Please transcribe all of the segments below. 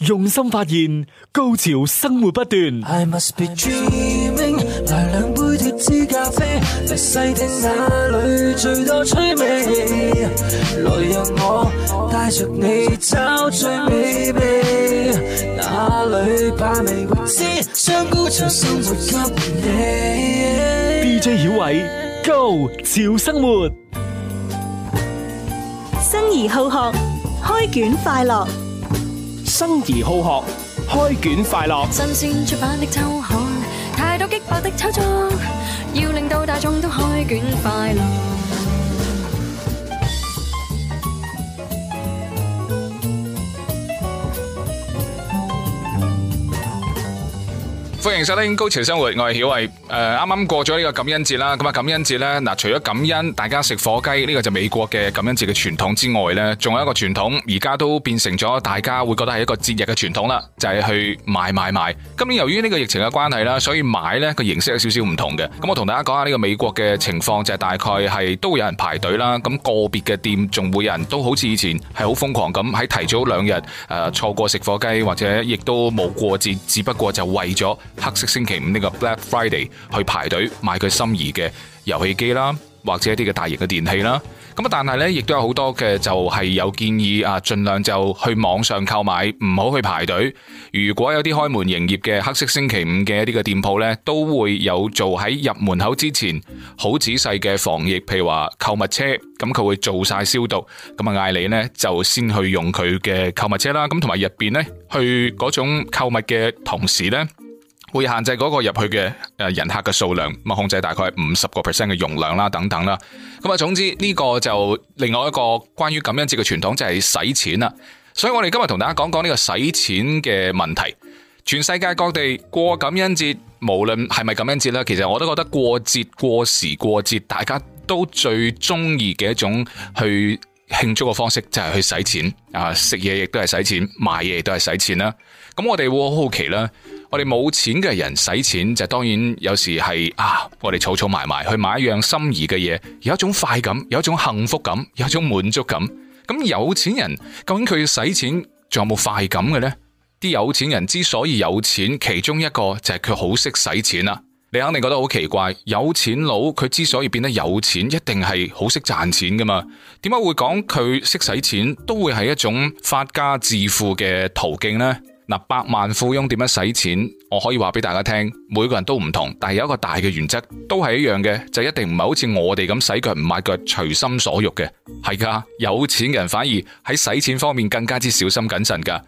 用心發現，高潮生活不斷。I must be dreaming，來兩杯脫脂咖啡，細聽那裏最多趣味。來讓我帶着你找最美味，哪裏把味？鮮香生活給你。DJ 小偉，Go 潮生活，生意好學，開卷快樂。生而好學，開卷快樂。新鮮出版嘅秋刊，太多激爆嘅秋裝。歡迎收聽高潮生活，我係曉慧。誒、呃，啱啱過咗呢個感恩節啦。咁啊，感恩節呢，嗱，除咗感恩大家食火雞呢，這個就美國嘅感恩節嘅傳統之外呢，仲有一個傳統，而家都變成咗大家會覺得係一個節日嘅傳統啦，就係、是、去買買買。今年由於呢個疫情嘅關係啦，所以買呢個形式有少少唔同嘅。咁我同大家講下呢，這個美國嘅情況，就係大概係都會有人排隊啦。咁，那個別嘅店仲會有人，都好似以前係好瘋狂咁喺提早兩日誒，呃，錯過食火雞，或者亦都冇過節，只不過就為咗。黑色星期五呢個 Black Friday 去排隊買佢心儀嘅遊戲機啦，或者一啲嘅大型嘅電器啦。咁啊，但係呢，亦都有好多嘅就係有建議啊，盡量就去網上購買，唔好去排隊。如果有啲開門營業嘅黑色星期五嘅一啲嘅店鋪呢，都會有做喺入門口之前好仔細嘅防疫，譬如話購物車，咁佢會做晒消毒。咁啊，叫你呢，就先去用佢嘅購物車啦。咁同埋入邊呢，去嗰種購物嘅同時呢。會限制嗰個入去嘅誒人客嘅數量，控制大概五十個 percent 嘅容量啦，等等啦。咁啊，總之呢個就另外一個關於感恩節嘅傳統就係使錢啦。所以我哋今日同大家講講呢個使錢嘅問題。全世界各地過感恩節，無論係咪感恩節啦，其實我都覺得過節過時過節，大家都最中意嘅一種去慶祝嘅方式就係去使錢啊，食嘢亦都係使錢，買嘢亦都係使錢啦。咁我哋會好奇啦。我哋冇錢嘅人使錢就當然有時係啊，我哋儲儲埋埋去買一樣心儀嘅嘢，有一種快感，有一種幸福感，有一種滿足感。咁有錢人究竟佢使錢仲有冇快感嘅呢？啲有錢人之所以有錢，其中一個就係佢好識使錢啦。你肯定覺得好奇怪，有錢佬佢之所以變得有錢，一定係好識賺錢㗎嘛。點解會講佢識使錢都會係一種發家致富嘅途徑呢？嗱，百萬富翁點樣使錢？我可以話俾大家聽，每個人都唔同，但係有一個大嘅原則都係一樣嘅，就一定唔係好似我哋咁洗腳唔抹腳，隨心所欲嘅。係噶，有錢人反而喺使錢方面更加之小心謹慎噶。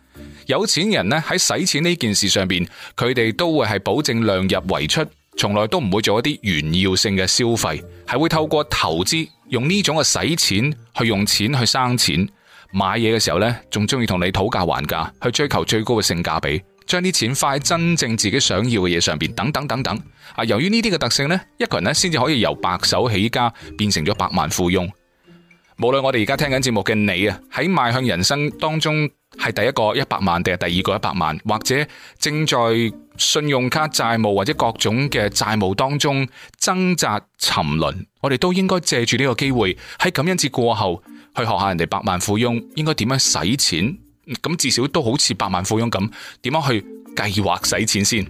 有錢人呢，喺使錢呢件事上邊，佢哋都會係保證量入為出，從來都唔會做一啲炫耀性嘅消費，係會透過投資用呢種嘅使錢去用錢去生錢。買嘢嘅時候呢，仲中意同你討價還價，去追求最高嘅性價比，將啲錢花喺真正自己想要嘅嘢上邊，等等等等。啊，由於呢啲嘅特性呢，一個人呢先至可以由白手起家變成咗百萬富翁。無論我哋而家聽緊節目嘅你啊，喺邁向人生當中係第一個一百萬，定係第二個一百萬，或者正在信用卡債務或者各種嘅債務當中掙扎沉淪，我哋都應該借住呢個機會喺感恩節過後。去學下人哋百萬富翁應該點樣使錢，咁至少都好似百萬富翁咁點樣去計劃使錢先。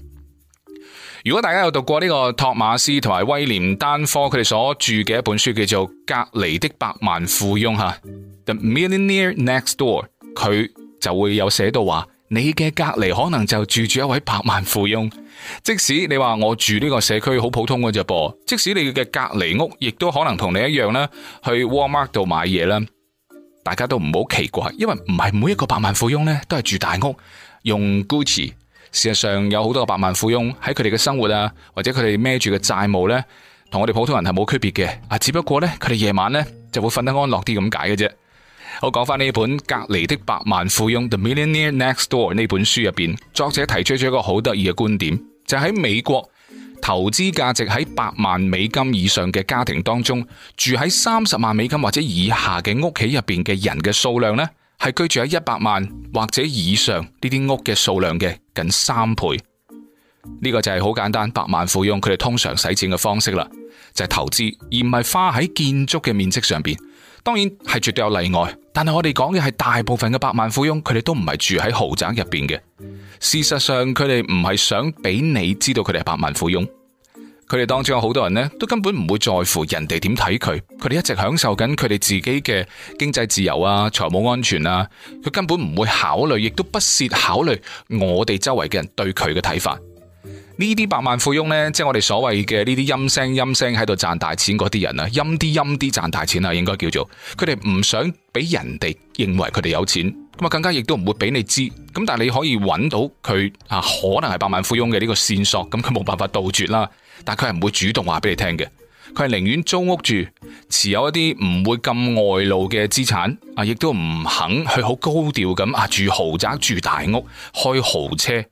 如果大家有讀過呢個托馬斯同埋威廉丹科佢哋所著嘅一本書，叫做《隔籬的百萬富翁》吓，《The Millionaire Next Door》，佢就會有寫到話，你嘅隔籬可能就住住一位百萬富翁，即使你話我住呢個社區好普通嘅啫噃，即使你嘅隔籬屋亦都可能同你一樣啦，去 Walmart 度買嘢啦。大家都唔好奇怪，因為唔係每一個百萬富翁呢都係住大屋、用 Gucci。事實上有好多百萬富翁喺佢哋嘅生活啊，或者佢哋孭住嘅債務呢，同我哋普通人係冇區別嘅。啊，只不過呢，佢哋夜晚呢就會瞓得安樂啲咁解嘅啫。好講翻呢本隔籬的百萬富翁 The Millionaire Next Door 呢本書入邊，作者提出咗一個好得意嘅觀點，就係喺美國，投資價值喺百萬美金以上嘅家庭當中，住喺三十萬美金或者以下嘅屋企入邊嘅人嘅數量呢，係居住喺一百萬或者以上呢啲屋嘅數量嘅近三倍。呢、這個就係好簡單，百萬富翁佢哋通常使錢嘅方式啦，就係、是、投資，而唔係花喺建築嘅面積上邊。當然係絕對有例外，但係我哋講嘅係大部分嘅百萬富翁，佢哋都唔係住喺豪宅入邊嘅。事實上，佢哋唔係想俾你知道佢哋係百萬富翁。佢哋當中有好多人呢，都根本唔會在乎人哋點睇佢。佢哋一直享受緊佢哋自己嘅經濟自由啊、財務安全啊，佢根本唔會考慮，亦都不屑考慮我哋周圍嘅人對佢嘅睇法。呢啲百萬富翁呢，即係我哋所謂嘅呢啲陰聲陰聲喺度賺大錢嗰啲人啊，陰啲陰啲賺大錢啊，應該叫做佢哋唔想俾人哋認為佢哋有錢，咁啊更加亦都唔會俾你知。咁但係你可以揾到佢啊，可能係百萬富翁嘅呢個線索，咁佢冇辦法杜絕啦。但係佢係唔會主動話俾你聽嘅，佢係寧願租屋住，持有一啲唔會咁外露嘅資產啊，亦都唔肯去好高調咁啊住豪宅、住大屋、開豪車。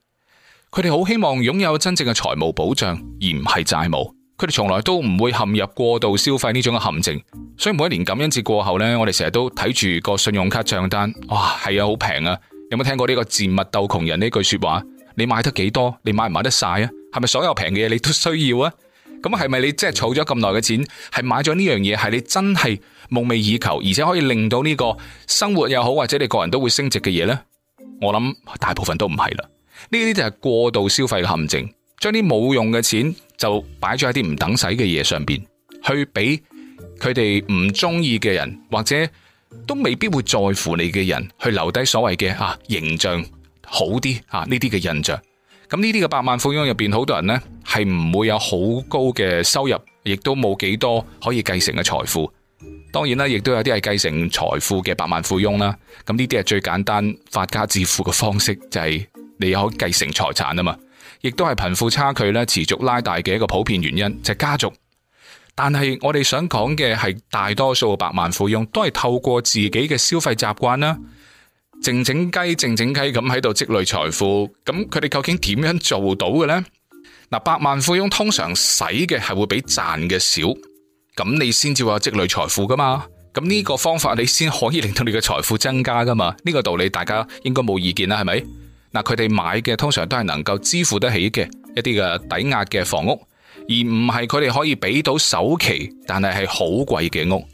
佢哋好希望擁有真正嘅財務保障，而唔係債務。佢哋從來都唔會陷入過度消費呢種嘅陷阱。所以每一年感恩節過後呢，我哋成日都睇住個信用卡賬單。哇，係啊，好平啊！有冇聽過呢個賤物鬥窮人呢句說話？你買得幾多？你買唔買得晒啊？係咪所有平嘅嘢你都需要啊？咁係咪你即係儲咗咁耐嘅錢，係買咗呢樣嘢係你真係夢寐以求，而且可以令到呢個生活又好，或者你個人都會升值嘅嘢呢？我諗大部分都唔係啦。呢啲就係過度消費嘅陷阱，將啲冇用嘅錢就擺咗喺啲唔等使嘅嘢上邊，去俾佢哋唔中意嘅人，或者都未必會在乎你嘅人去留低所謂嘅啊形象好啲啊呢啲嘅印象。咁呢啲嘅百萬富翁入邊，好多人呢係唔會有好高嘅收入，亦都冇幾多可以繼承嘅財富。當然啦，亦都有啲係繼承財富嘅百萬富翁啦。咁呢啲係最簡單發家致富嘅方式就係、是。你可繼承財產啊嘛，亦都係貧富差距咧持續拉大嘅一個普遍原因，就係家族。但係我哋想講嘅係大多數百萬富翁都係透過自己嘅消費習慣啦，靜靜雞靜靜雞咁喺度積累財富。咁佢哋究竟點樣做到嘅呢？嗱，百萬富翁通常使嘅係會比賺嘅少，咁你先至話積累財富噶嘛？咁呢個方法你先可以令到你嘅財富增加噶嘛？呢個道理大家應該冇意見啦，係咪？佢哋買嘅通常都係能夠支付得起嘅一啲嘅抵押嘅房屋，而唔係佢哋可以俾到首期，但係係好貴嘅屋。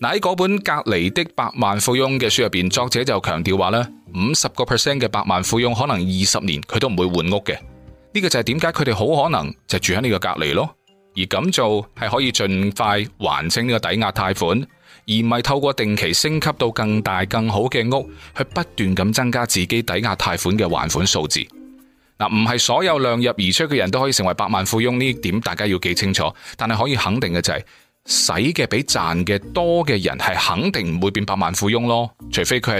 嗱，喺嗰本隔籬的百萬富翁嘅書入邊，作者就強調話咧，五十個 percent 嘅百萬富翁可能二十年佢都唔會換屋嘅。呢個就係點解佢哋好可能就住喺呢個隔籬咯，而咁做係可以盡快還清呢個抵押貸款。而唔係透過定期升級到更大更好嘅屋，去不斷咁增加自己抵押貸款嘅還款數字。嗱，唔係所有量入而出嘅人都可以成為百萬富翁呢點，大家要記清楚。但係可以肯定嘅就係，使嘅比賺嘅多嘅人係肯定唔會變百萬富翁咯。除非佢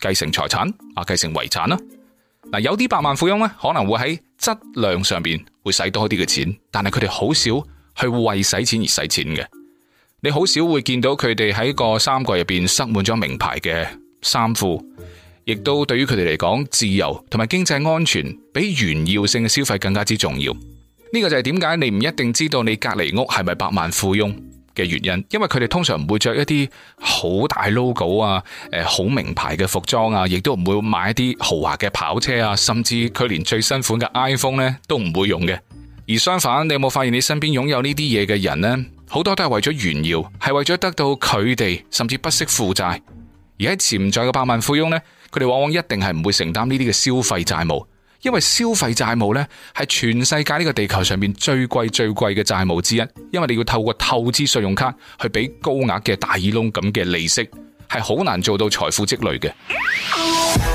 係繼承財產啊，繼承遺產啦。嗱，有啲百萬富翁咧，可能會喺質量上邊會使多啲嘅錢，但係佢哋好少去為使錢而使錢嘅。你好少會見到佢哋喺個衫櫃入邊塞滿咗名牌嘅衫褲，亦都對於佢哋嚟講，自由同埋經濟安全比炫耀性嘅消費更加之重要。呢個就係點解你唔一定知道你隔籬屋係咪百萬富翁嘅原因，因為佢哋通常唔會着一啲好大 logo 啊，誒，好名牌嘅服裝啊，亦都唔會買一啲豪華嘅跑車啊，甚至佢連最新款嘅 iPhone 咧都唔會用嘅。而相反，你有冇發現你身邊擁有呢啲嘢嘅人呢？好多都係為咗炫耀，係為咗得到佢哋，甚至不惜負債。而喺潛在嘅百萬富翁呢，佢哋往往一定係唔會承擔呢啲嘅消費債務，因為消費債務呢，係全世界呢個地球上邊最貴最貴嘅債務之一，因為你要透過透支信用卡去俾高額嘅大耳窿咁嘅利息，係好難做到財富積累嘅。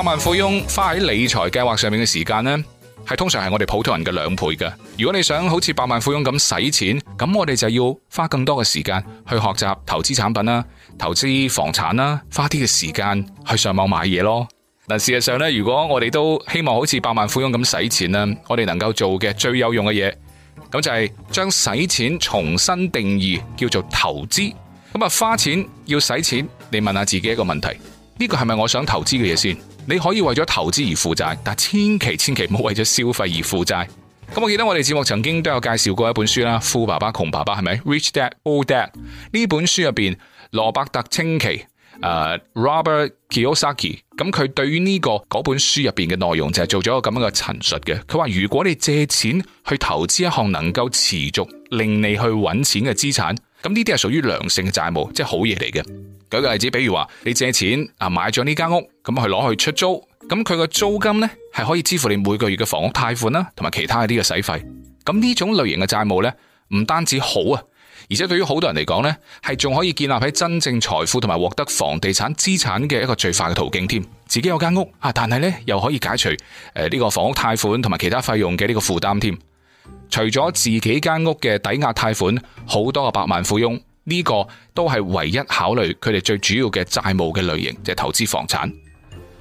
百萬富翁花喺理財計劃上面嘅時間呢，係通常係我哋普通人嘅兩倍㗎。如果你想好似百萬富翁咁使錢，咁我哋就要花更多嘅時間去學習投資產品啦、投資房產啦，花啲嘅時間去上網買嘢咯。但事實上呢，如果我哋都希望好似百萬富翁咁使錢啦，我哋能夠做嘅最有用嘅嘢，咁就係將使錢重新定義，叫做投資。咁啊，花錢要使錢，你問下自己一個問題：呢個係咪我想投資嘅嘢先？你可以為咗投資而負債，但千祈千祈唔好為咗消費而負債。咁我記得我哋節目曾經都有介紹過一本書啦，《富爸爸窮爸爸》是是，係咪？Rich Dad Poor Dad 呢本書入邊，羅伯特清奇，誒、uh,，Robert Kiyosaki，咁佢對於呢、這個嗰本書入邊嘅內容就係做咗一個咁樣嘅陳述嘅。佢話如果你借錢去投資一項能夠持續令你去搵錢嘅資產，咁呢啲係屬於良性嘅債務，即、就、係、是、好嘢嚟嘅。舉個例子，比如話你借錢啊買咗呢間屋，咁去攞去出租，咁佢個租金呢係可以支付你每個月嘅房屋貸款啦，同埋其他啲嘅使費。咁呢種類型嘅債務呢，唔單止好啊，而且對於好多人嚟講呢，係仲可以建立喺真正財富同埋獲得房地產資產嘅一個最快嘅途徑添。自己有間屋啊，但係呢又可以解除誒呢個房屋貸款同埋其他費用嘅呢個負擔添。除咗自己間屋嘅抵押貸款，好多個百萬富翁，呢個都係唯一考慮佢哋最主要嘅債務嘅類型，就係投資房產。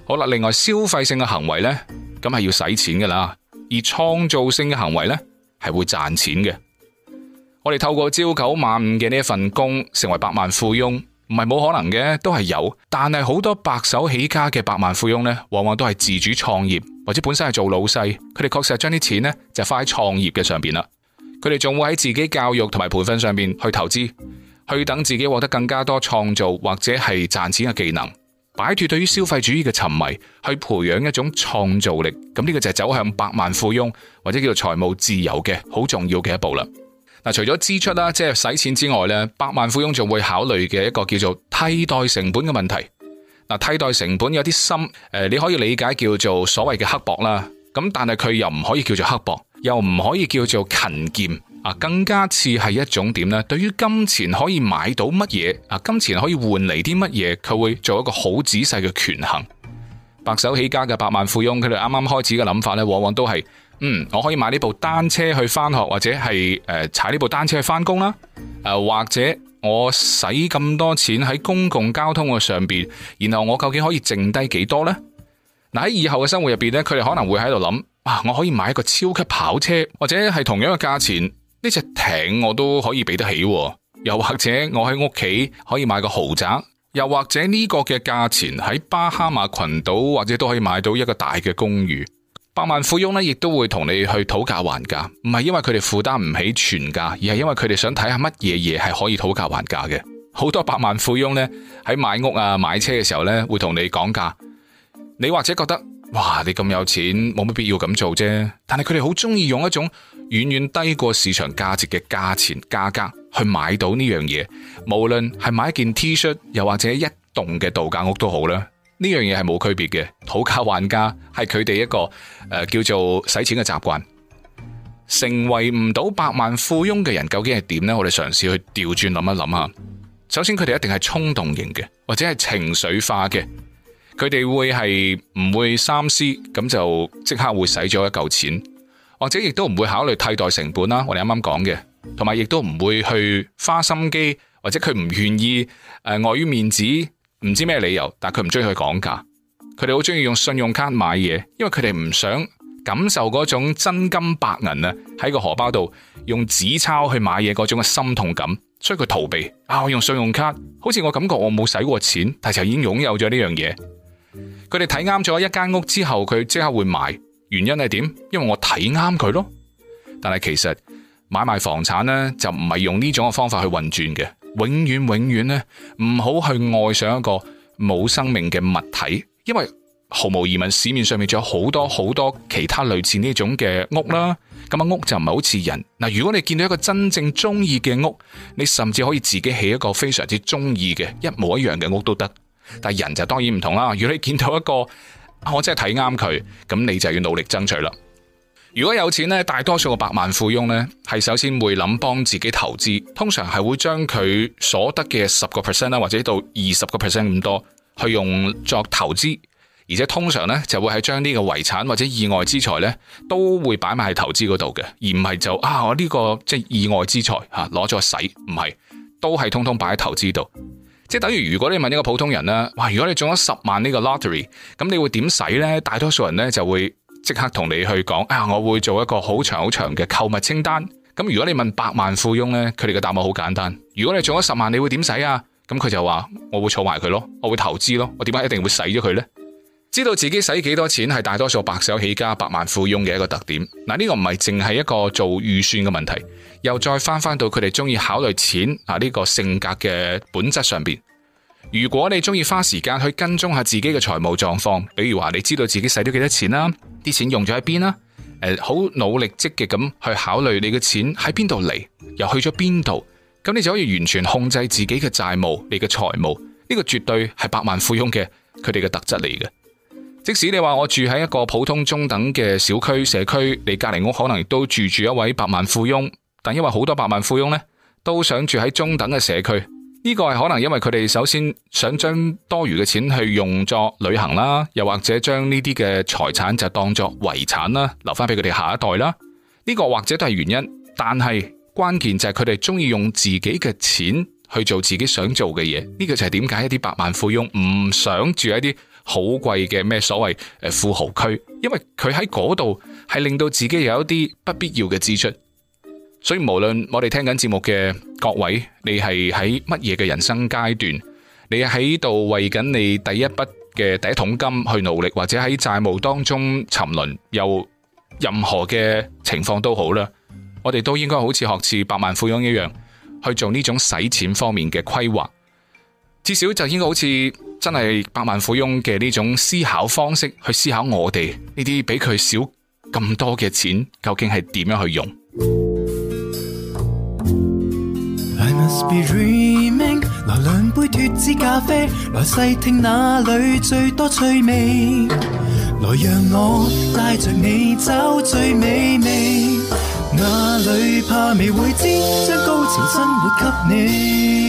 好啦，另外消費性嘅行為呢，咁係要使錢噶啦；而創造性嘅行為呢，係會賺錢嘅。我哋透過朝九晚五嘅呢一份工，成為百萬富翁，唔係冇可能嘅，都係有。但係好多白手起家嘅百萬富翁呢，往往都係自主創業或者本身係做老細，佢哋確實係將啲錢呢，就花喺創業嘅上邊啦。佢哋仲會喺自己教育同埋培訓上面去投資。去等自己獲得更加多創造或者係賺錢嘅技能，擺脫對於消費主義嘅沉迷，去培養一種創造力。咁呢個就係走向百萬富翁或者叫做財務自由嘅好重要嘅一步啦。嗱，除咗支出啦，即係使錢之外咧，百萬富翁仲會考慮嘅一個叫做替代成本嘅問題。嗱，替代成本有啲深，誒，你可以理解叫做所謂嘅刻薄啦。咁但係佢又唔可以叫做刻薄，又唔可以叫做勤儉。更加似係一種點呢？對於金錢可以買到乜嘢啊？金錢可以換嚟啲乜嘢？佢會做一個好仔細嘅權衡。白手起家嘅百萬富翁，佢哋啱啱開始嘅諗法呢，往往都係，嗯，我可以買呢部單車去翻學，或者係誒踩呢部單車去翻工啦。誒，或者我使咁多錢喺公共交通嘅上邊，然後我究竟可以剩低幾多呢？嗱，喺以後嘅生活入邊呢，佢哋可能會喺度諗，啊，我可以買一個超級跑車，或者係同樣嘅價錢。呢隻艇我都可以俾得起，又或者我喺屋企可以買個豪宅，又或者呢個嘅價錢喺巴哈馬群島或者都可以買到一個大嘅公寓。百萬富翁呢，亦都會同你去討價還價，唔係因為佢哋負擔唔起全價，而係因為佢哋想睇下乜嘢嘢係可以討價還價嘅。好多百萬富翁呢，喺買屋啊買車嘅時候呢，會同你講價，你或者覺得哇你咁有錢冇乜必要咁做啫，但係佢哋好中意用一種。遠遠低過市場價值嘅價錢價格去買到呢樣嘢，無論係買一件 T 恤，又或者一棟嘅度假屋都好啦，呢樣嘢係冇區別嘅。討價還價係佢哋一個誒、呃、叫做使錢嘅習慣。成為唔到百萬富翁嘅人究竟係點呢？我哋嘗試去調轉諗一諗下。首先，佢哋一定係衝動型嘅，或者係情緒化嘅，佢哋會係唔會三思咁就即刻會使咗一嚿錢。或者亦都唔會考慮替代成本啦，我哋啱啱講嘅，同埋亦都唔會去花心機，或者佢唔願意誒，礙於面子，唔知咩理由，但係佢唔中意去講價，佢哋好中意用信用卡買嘢，因為佢哋唔想感受嗰種真金白銀啊，喺個荷包度用紙鈔去買嘢嗰種嘅心痛感，所以佢逃避啊，我用信用卡，好似我感覺我冇使過錢，但係就已經擁有咗呢樣嘢。佢哋睇啱咗一間屋之後，佢即刻會買。原因係點？因為我睇啱佢咯。但係其實買賣房產咧就唔係用呢種嘅方法去運轉嘅。永遠永遠咧唔好去愛上一個冇生命嘅物體，因為毫無疑問市面上面仲有好多好多其他類似呢種嘅屋啦。咁啊屋就唔係好似人嗱。如果你見到一個真正中意嘅屋，你甚至可以自己起一個非常之中意嘅一模一樣嘅屋都得。但係人就當然唔同啦。如果你見到一個，我真係睇啱佢，咁你就要努力爭取啦。如果有錢咧，大多數個百萬富翁呢係首先會諗幫自己投資，通常係會將佢所得嘅十個 percent 啦，或者到二十個 percent 咁多，去用作投資。而且通常呢，就會係將呢個遺產或者意外之財呢都會擺埋去投資嗰度嘅，而唔係就啊，我呢個即係意外之財吓，攞咗洗。唔係都係通通擺喺投資度。即係等於如果你問一個普通人啦，哇！如果你中咗十萬呢個 lottery，咁你會點使咧？大多數人咧就會即刻同你去講，啊，我會做一個好長好長嘅購物清單。咁如果你問百萬富翁咧，佢哋嘅答案好簡單。如果你中咗十萬，你會點使啊？咁佢就話我會儲埋佢咯，我會投資咯，我點解一定會使咗佢咧？知道自己使幾多錢係大多數白手起家百萬富翁嘅一個特點。嗱，呢個唔係淨係一個做預算嘅問題，又再翻翻到佢哋中意考慮錢啊呢個性格嘅本質上邊。如果你中意花時間去跟蹤下自己嘅財務狀況，比如話你知道自己使咗幾多錢啦，啲錢用咗喺邊啦，誒，好努力積極咁去考慮你嘅錢喺邊度嚟，又去咗邊度，咁你就可以完全控制自己嘅債務，你嘅財務，呢個絕對係百萬富翁嘅佢哋嘅特質嚟嘅。即使你話我住喺一個普通中等嘅小區社區，你隔離屋可能都住住一位百萬富翁，但因為好多百萬富翁呢都想住喺中等嘅社區，呢個係可能因為佢哋首先想將多餘嘅錢去用作旅行啦，又或者將呢啲嘅財產就當作遺產啦，留翻俾佢哋下一代啦，呢個或者都係原因。但係關鍵就係佢哋中意用自己嘅錢去做自己想做嘅嘢，呢個就係點解一啲百萬富翁唔想住喺啲好貴嘅咩所謂誒富豪區，因為佢喺嗰度係令到自己有一啲不必要嘅支出，所以無論我哋聽緊節目嘅各位，你係喺乜嘢嘅人生階段，你喺度為緊你第一筆嘅第一桶金去努力，或者喺債務當中沉淪，有任何嘅情況都好啦，我哋都應該好似學似百萬富翁一樣去做呢種使錢方面嘅規劃，至少就應該好似。真係百萬富翁嘅呢種思考方式，去思考我哋呢啲比佢少咁多嘅錢，究竟係點樣去用？來兩杯脫脂咖啡，來細聽哪裏最多趣味，來讓我帶着你找最美味，哪裏怕未會知，將高情生活給你。